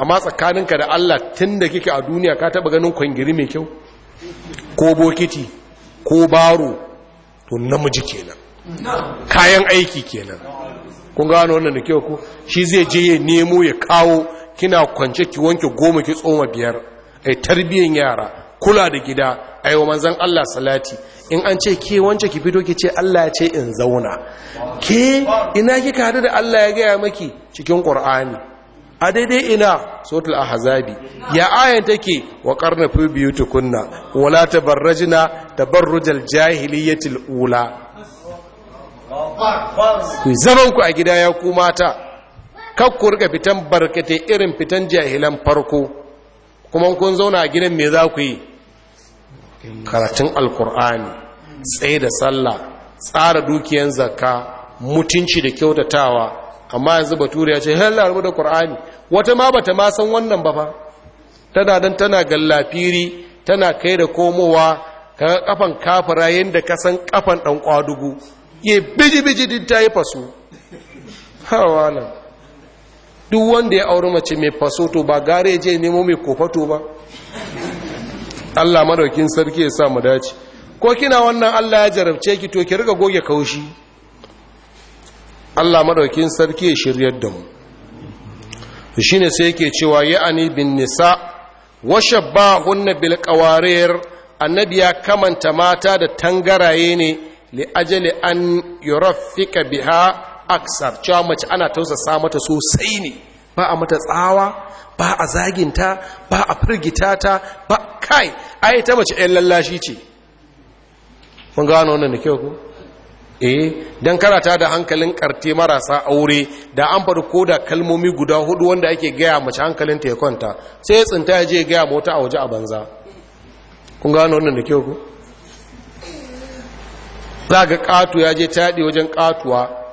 amma tsakaninka da Allah tun da kika a duniya ka taba ganin kwangiri mai kyau ko bokiti ko baro to namiji kenan kayan aiki kenan kun gano wannan da kyau ko shi zai je ya nemo ya kawo kina kwance ki wanke goma ki tsoma biyar ai tarbiyyar yara kula da gida ai wa manzon Allah salati in an ce ke wance ki fito ki ce Allah ya ce in zauna ke ina kika hadu da Allah ya gaya maki cikin Qur'ani a daidai ina suratul ahzabi ya ayan take wa qarna fi biyutukunna wala tabarrajna tabarrujal jahiliyatil ula ku zaman ku a gida ya ku mata kakku rika fitan barkate irin fitan jahilan farko kuma kun zauna a gidan me za ku yi karatun alkur'ani tsaye da sallah tsara dukiyan zakka mutunci da kyautatawa amma yanzu bature ya ce hella rubu da qur'ani wata ma bata ma san wannan ba fa tana dan tana gallafiri tana kai da komowa kaga kafan kafira yanda ka san kafan dan kwadugu ye biji biji din tayi fasu ha wala duk wanda ya auri mace mai faso to ba gare je nemo mai kofato ba Allah madaukin sarki ya sa mu dace ko kina wannan Allah ya jarabce ki to ki riga goge kaushi Allah madaukin sarki ya shiryar da mu shine sai yake cewa ya'ani bin nisa wa shabbahunna bil qawarir annabi ya kamanta mata da tangaraye ne li ajali an yurafika biha aksar cewa mace ana tausasa mata sosai ne ba a mata tsawa ba a zaginta ba a firgita ta ba kai yi ta mace ɗan lallashi ce mun gano wannan da kyau ku eh don karata da hankalin karti marasa aure da an faru ko da kalmomi guda hudu wanda ake gaya mace hankalin ya kwanta sai ya tsinta ya je gaya mota a waje a banza kun gano wannan da kyau ku za ga katu ya je taɗi wajen katuwa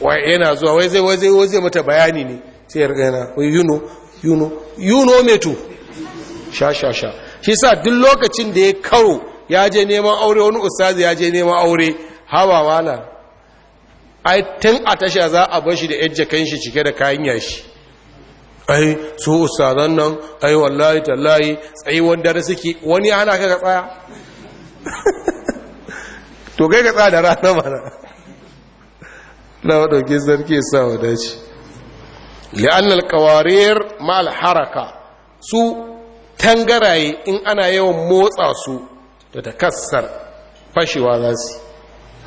wai yana zuwa wai zai wai zai mata bayani ne sai ya rigana wai yuno yuno yuno metu me sha sha sha shi sa duk lokacin da ya karo ya je neman aure wani ustazi ya je neman aure hawa wala ai tun a tasha za a bar shi da yajja kan shi cike da kayan yashi ai su ustazan nan ai wallahi tallahi tsayi wanda da suke wani ana ka tsaya to kai ka tsaya da rana mana na dauke sarki ya sa wa dace, li'annal qawarir ma'al haraka su tangaraye in ana yawan motsa su da takassar fashewa za su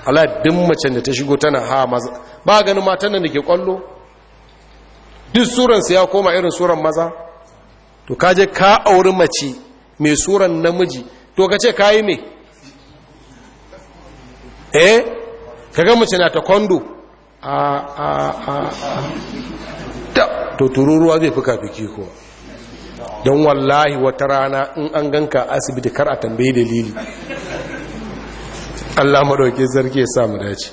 ala duk macen da ta shigo tana ha maza ba ganin matan da ke kwallo duk suransu ya koma irin suran maza to kaje ka auri mace mai suran namiji to ka ce kayi me eh kaga mace na ta kwando a a a to tururuwa zai fi kafiki ko don wallahi wata rana in an ganka asibiti kar a tambayi dalili Allah madauke zarge ya samu dace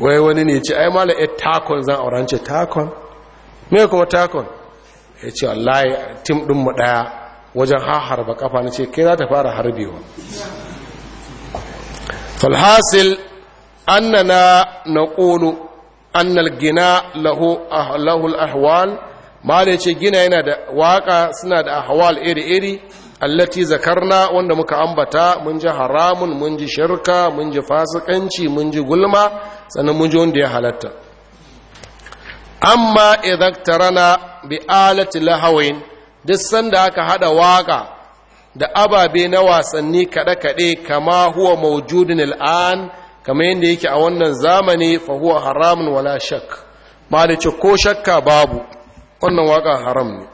wai wani ne ce ai mala e eh, takon zan aurance takon me kuma takon ya ce wallahi tim din mu daya wajen harba kafa na ce kai za ta fara harbewa falhasil annana ƙonu annal gina lahu ah-, lahul ahwal mala ce gina yana da waka suna da ahwal iri-iri allati zakarna wanda muka ambata mun ji haramun mun ji shirka mun ji fasikanci mun ji gulma sannan mun ji wanda ya halatta amma idaktarana bi alati lahawin duk sanda aka hada waka da ababe na wasanni kaɗe-kaɗe kama huwa maujudin al'an kamar yadda yake a wannan zamani fahuwa haramun wala shak malice ko shakka babu wannan waka haram ne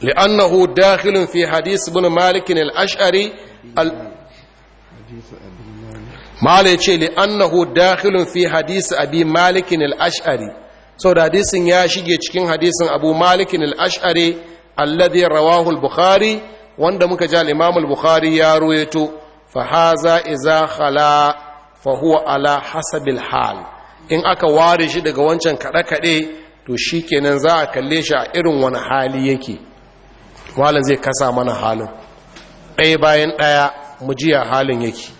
li'annahu dakhilun fi hadis ibn malik al-ash'ari al malice li'annahu dakhilun fi hadis abi malik al-ash'ari da hadisin ya shige cikin hadisin abu malik al-ash'ari alladhi rawahu al-bukhari wanda muka ji al-imam al-bukhari ya ruwaito fa haza iza khala fa huwa ala hasabil hal in aka ware shi daga wancan kaɗe-kaɗe to shi kenan za a kalle shi a irin wani hali yake malam zai kasa mana halin ɗaya bayan ɗaya mu jiya halin yake